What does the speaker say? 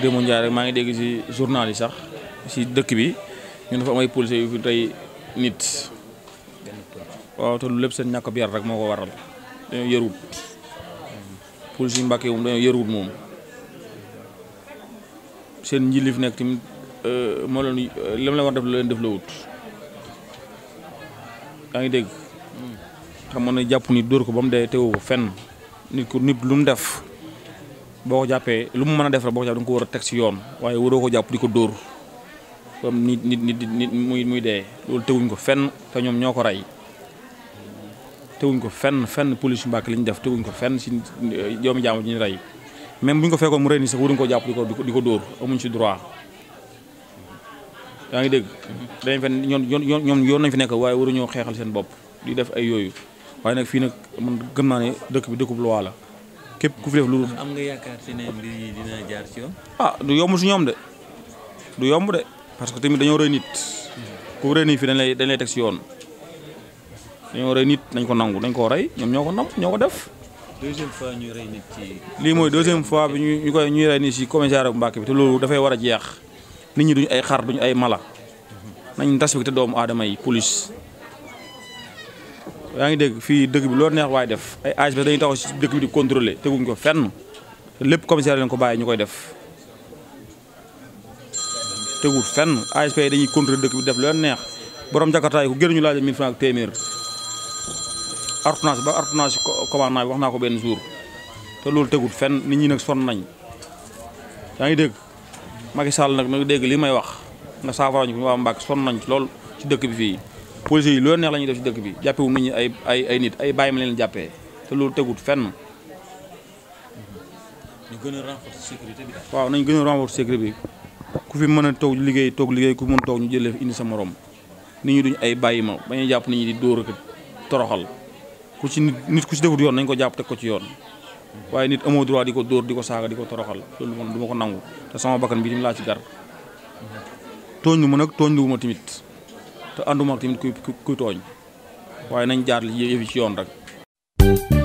barki démb Ndiaye rek maa ngi dégg ci journal yi sax ci dëkk bi ñu dafa am ay police yu fi tey nit waaw te lu lépp seen ñàkk bi yar rek moo ko waral dañoo yërut police yi Mbàkke moom dañoo yërut moom seen njilif nekk tamit euh, moo leen euh, lam war def la leen def la wut yaa ngi dégg hmm. xam nga ne jàpp nit dóor ko ba mu dee teewu fenn nit ku nit lu mu def boo ko jàppee lu mu mën a def rek boo ko jàppee ko war a teg ci yoon waaye waroo ko jàpp di ko dóor comme nit nit nit nit muy muy dee loolu teguñ ko fenn te ñoom ñoo ko rey teguñ ko fenn fenn police Mbàkke li ñu def teguñ ko fenn si euh, doomu jaamu ji ñu rey mais bu ñu ko fekkoon mu rey nii sax waruñ ko jàpp di ko di ko dóor amuñ si droit yaa ngi dégg. Mm-hmm. dañ fen ñoom ñoom yoon nañ fi nekk waaye waruñoo xeexal seen bopp di def ay yooyu waaye nag fii nag man gëm naa ne dëkk bi dëkkub loi la. képp ku fi def lu. am nga yaakaar ci ne mbir yi dina jaar ci yoon. ah du yomb si ñoom de du yomb de parce que tamit dañoo rëy nit. ku rëy nii fii dañ lay teg si yoon dañoo rëy nit nañ ko nangu dañ koo rey ñoom ñoo ko nangu ñoo ko def. deuxième fois ñuy rey lii mooy deuxième fois bi ñuy ñu koy ñu rey nit si commissariat bu Mbàkke bi te loolu dafay war a jeex nit ñi duñ ay xar duñ ay mala nañ respecté doomu aadama yi police. yaa ngi dégg fii dëkk bi loolu neex waaye def ay ASP dañuy taxaw si dëkk di contrôler teguñ ko fenn lépp commissaire leen ko bàyyi ñu koy def tegul fenn ASP yi dañuy contrôler dëkk bi def loolu neex borom jakartaay ku génn ñu laaj la 1000 francs ak téeméer ordonnance ba ordonnance commandement bi wax naa ko benn jour te loolu tegul fenn nit ñi nag sonn nañ yaa ngi dégg Macky Sall nag nag dégg li may wax nga saafara ñu waa Mbàkke sonn nañ lool ci dëkk bi fii police yi loo neex la ñuy def ci dëkk bi jàppewu nit ñi ay ay nit ay bàyyi ma leen jàppee te loolu tegut fenn. gën a renforcer sécurité bi gën a renforcer sécurité bi ku fi mën a toog liggéey toog liggéey ku mën toog ñu jëlee indi sa morom nit ñi duñ ay bàyyi ma bañ jàpp nit ñi di dóor ak toroxal ku ci nit ku ci defut yoon nañ ko jàpp teg ko ci yoon. waaye nit amoo droit di ko dóor di ko saaga di ko toroxal loolu moom du ko nangu te sama bakkan bi tim laa ci gar mhm. tooñ lu ma nag tooñ lu ma te ànduma ak tamit kuy kuy tooñ waaye nañ jaar yëfi ci yoon rek.